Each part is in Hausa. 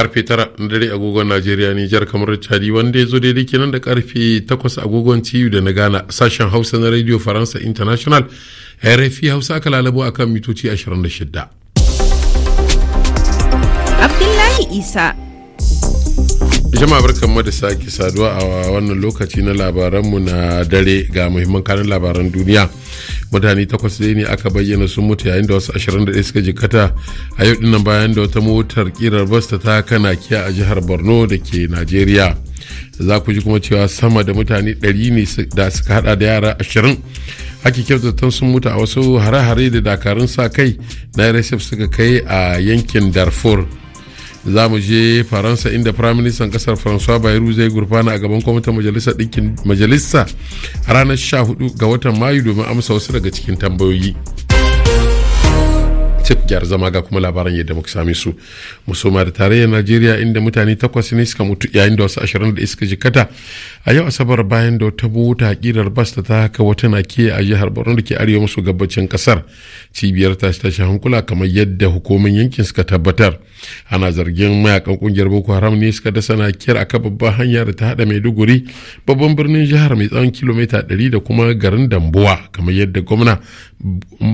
karfe tara na dare agogon najeriya nijar kamar chadi wanda ya zo daidai kenan da karfe takwas agogon ciyu da na gana sashen hausa na radio faransa international rfi hausa aka lalabo akan mitoci 26 abdullahi isa jama'a barkan da sake saduwa a wannan lokaci na labaranmu na dare ga muhimman kanin labaran duniya mutane takwas dai ne aka bayyana sun mutu yayin da wasu 21 suka jikata a yau dinnan bayan da wata motar kirar bas ta taka nakiya a jihar borno da ke najeriya za ku ji kuma cewa sama da mutane 100 ne da suka hada da yara 20 ake kyautattun sun mutu a wasu hare-hare da dakarun sa kai na rsf suka kai a yankin darfur za mu je faransa inda firaministan kasar francois bayrou zai gurfana a gaban kwamitin majalisa ɗinkin majalisa a ranar 14 ga watan mayu domin amsa wasu daga cikin tambayoyi sai ku zama ga kuma labaran yadda muka same su musamman da tarayyar najeriya inda mutane takwas ne suka mutu yayin da wasu ashirin da iska jikata a yau asabar bayan da wata mota akidar bas da ta haka wata na ke a jihar borno da ke arewa maso gabacin kasar cibiyar tashe tashi hankula kamar yadda hukumin yankin suka tabbatar ana zargin mayakan kungiyar boko haram ne suka dasa na kiyar a kan babban hanya da ta hada maiduguri babban birnin jihar mai tsawon kilomita ɗari da kuma garin dambuwa kamar yadda gwamna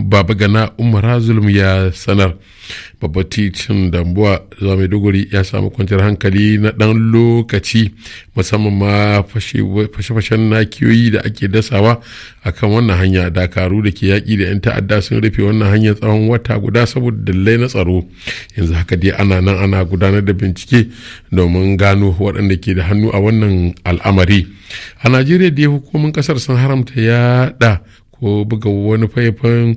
baba gana umar ya sanar babbar titin dambuwa zuwa maiduguri ya samu kwanciyar hankali na ɗan lokaci musamman ma fashe-fashen nakiyoyi da ake dasawa a kan wannan hanya dakaru da ke yaƙi da 'yan ta'adda sun rufe wannan hanyar tsawon wata guda saboda dalilai na tsaro yanzu haka dai ana nan ana gudanar da bincike domin gano waɗanda ke da hannu a wannan al'amari a najeriya dai hukumomin ƙasar sun haramta yaɗa ko buga wani faifan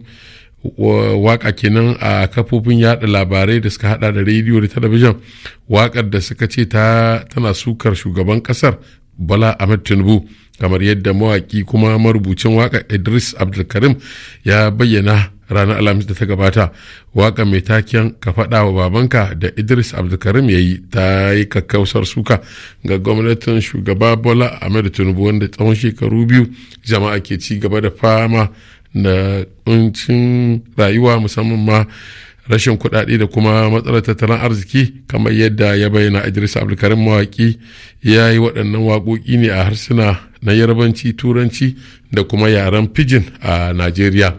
waka kenan a kafofin yada labarai da suka hada da rediyo da talabijin wakar da suka ce ta tana sukar shugaban kasar bala ahmed tinubu kamar yadda mawaki kuma marubucin waka idris abdulkarim ya bayyana ranar alhamis da ta gabata waka mai taken ka faɗa wa babanka da idris abdulkarim ya yi ta yi kakkausar suka ga gwamnatin shugaba bola ahmed tinubu wanda tsawon shekaru biyu jama'a ke ci gaba da fama na kuncin rayuwa musamman ma rashin kuɗaɗe da kuma matsalar tattalin arziki kamar yadda ya bayyana Idris Abdulkarim mawaƙi ya yi waɗannan waƙoƙi ne a harsuna na yarbanci turanci da kuma yaren pidgin a Najeriya.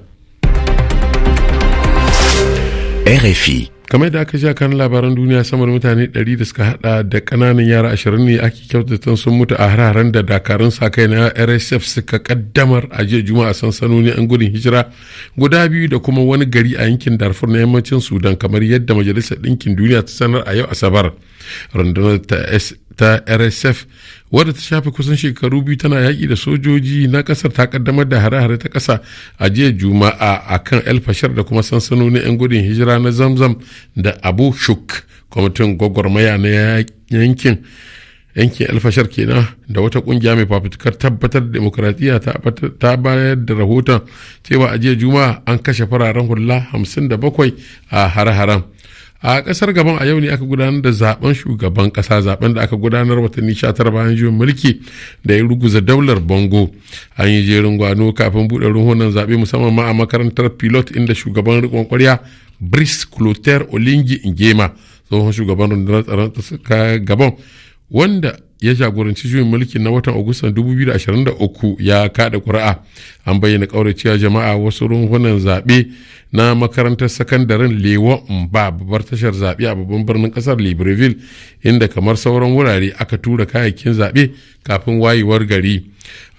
RFI kamar da aka sha kan labaran duniya sama da mutane 100 da suka hada da kananan yara 20 ne ake kyautata sun mutu a hararen da dakarun sa kai na rsf suka kaddamar a jiya juma'a sansanoni an gudun hijira guda biyu da kuma wani gari a yankin darfur na yammacin sudan kamar yadda majalisar ɗinkin duniya ta sanar a yau asabar rundunar ta rsf wadda ta shafe kusan shekaru biyu tana yaƙi da sojoji na ƙasar ta ƙaddamar da hare-hare ta ƙasa a jiya juma'a a kan el da kuma sansanoni 'yan gudun hijira na zamzam da abu shuk kwamitin gwagwarmaya na yankin yankin alfashar kenan da wata ƙungiya mai fafutukar tabbatar da demokradiyya ta bayar da rahoton cewa a jiya juma'a an kashe fararen hula 57 a hare haren a kasar gaban a yau ne aka gudanar da zaben shugaban kasa zaben da aka gudanar watanni 19 bayan juyin mulki da ya ruguza daular bongo an yi jerin gwano kafin buɗe ruhunan zaɓe musamman ma a makarantar pilot inda shugaban rikon kwarya brice clotaire olingi ingema tsohon shugaban rundunar tsaron gaban wanda ya jagoranci juyin mulki na watan agustan 2023 ya kada ƙuri'a an bayyana ƙauracewa jama'a wasu runhunan zaɓe na makarantar sakandaren lewa ba babbar tashar zaɓe a babban birnin ƙasar libreville inda kamar sauran wurare aka tura kayayyakin zaɓe kafin wayewar gari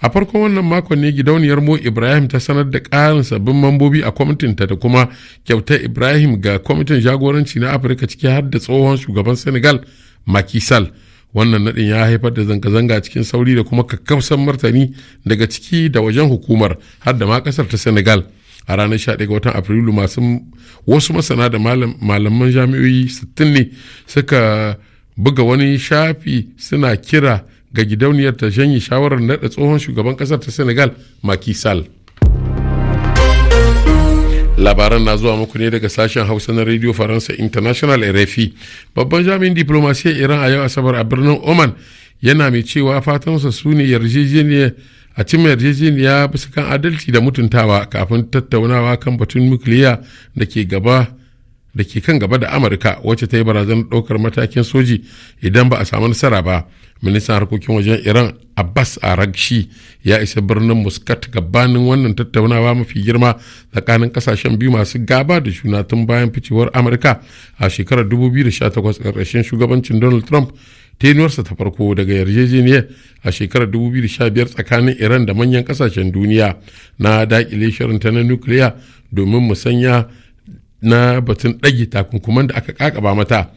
a farkon wannan makon ne gidauniyar mo ibrahim ta sanar da karin sabbin mambobi a kwamitinta da kuma kyautar ibrahim ga kwamitin jagoranci na afirka ciki har da tsohon shugaban senegal makisal wannan nadin ya haifar da zanga-zanga cikin sauri da kuma kakkafsan martani daga ciki da wajen hukumar har da ma kasar ta senegal a ranar 11 ga watan afrilu masu wasu masana da malaman jami'o'i 60 ne suka buga wani shafi suna kira ga gidauniyar ta shanye shawarar naɗa tsohon shugaban kasar ta senegal makisal labaran na zuwa muku ne daga sashen hausa na radio faransa international rfi babban jami'in diplomasiyyar iran a yau asabar a birnin oman yana mai cewa fatansa su ne yarjejeniya a cimma yarjejeniya bisa kan adalci da mutuntawa kafin tattaunawa kan batun nukiliya da ke gaba da ke kan gaba da amurka wacce ta yi barazanar ɗaukar matakin soji idan ba a samu nasara ba ministan harkokin wajen iran abbas aragshi ya isa birnin muscat gabanin wannan tattaunawa mafi girma tsakanin kasashen biyu masu gaba da juna tun bayan ficewar amurka a shekarar 2018 ƙarƙashin shugabancin donald trump tenuwarsa ta farko daga yarjejeniyar a shekarar 2015 tsakanin iran da manyan kasashen duniya na dakile ta na nukiliya domin musanya na batun ɗage takunkuman da aka kakaba mata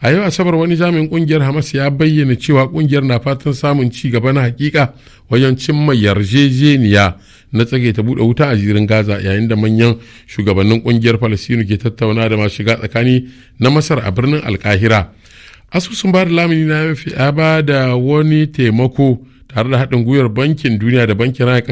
a yau asabar wani jami'in ƙungiyar hamas ya bayyana cewa ƙungiyar na fatan samun ci gaba na hakika wajen cimma yarjejeniya na tsage ta buɗe wuta a jirin gaza yayin da manyan shugabannin ƙungiyar falasinu ke tattauna da masu shiga tsakani na masar a birnin alkahira asusun ba da lamuni na ya ba da wani taimako tare da haɗin gwiwar bankin duniya da bankin raya